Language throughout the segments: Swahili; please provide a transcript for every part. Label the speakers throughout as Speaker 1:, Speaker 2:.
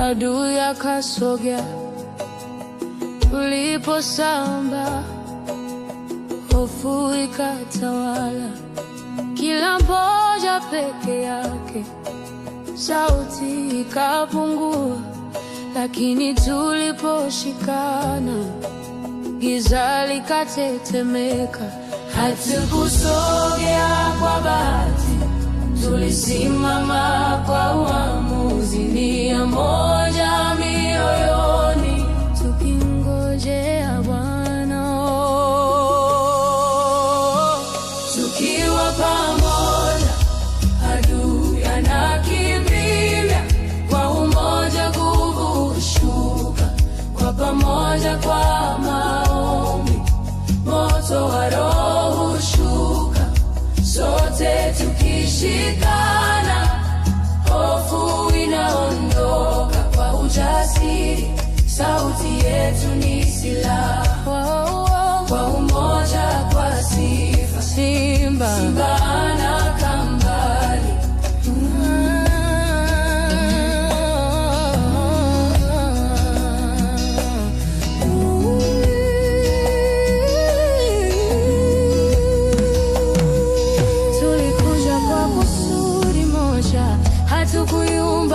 Speaker 1: adui akasogea, tuliposamba hofu ikatawala, kila mmoja peke yake, sauti ikapungua, lakini tuliposhikana giza likatetemeka.
Speaker 2: Hatukusogea kwa bahati, tulisimama kwa uamuzi. kwa maombi, moto wa Roho shuka, sote tukishikana, hofu inaondoka kwa ujasiri, sauti yetu ni silaha.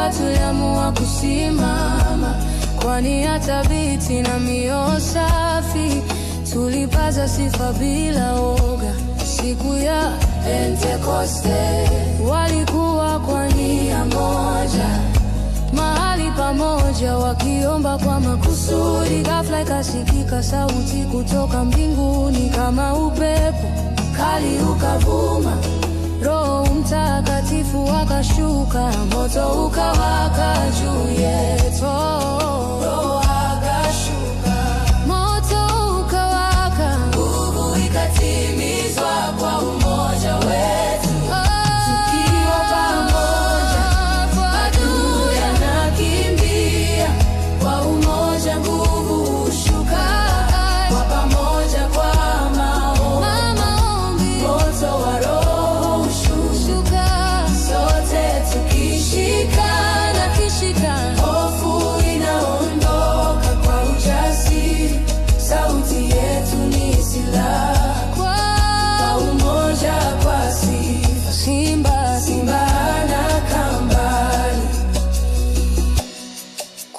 Speaker 1: tuliamua kusimama, kwani ya na mio safi tulipaza sifa bila oga. Siku ya
Speaker 2: Pentekoste
Speaker 1: walikuwa kwa nia moja mahali pamoja wakiomba kwa makusudi. Ghafla ikasikika sauti kutoka mbinguni kama upepo
Speaker 2: kali ukavuma
Speaker 1: Roho Mtakatifu akashuka, moto ukawaka juu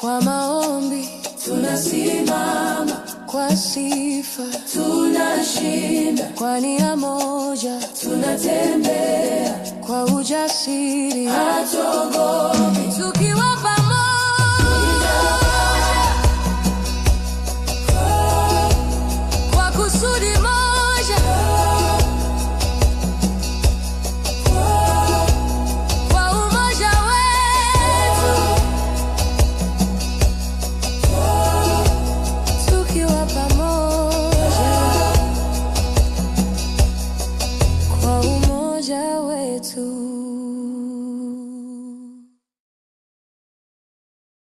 Speaker 1: Kwa maombi
Speaker 2: tunasimama,
Speaker 1: kwa sifa
Speaker 2: tunashinda,
Speaker 1: kwa nia moja
Speaker 2: tunatembea,
Speaker 1: kwa ujasiri
Speaker 2: hatuogopi.
Speaker 1: to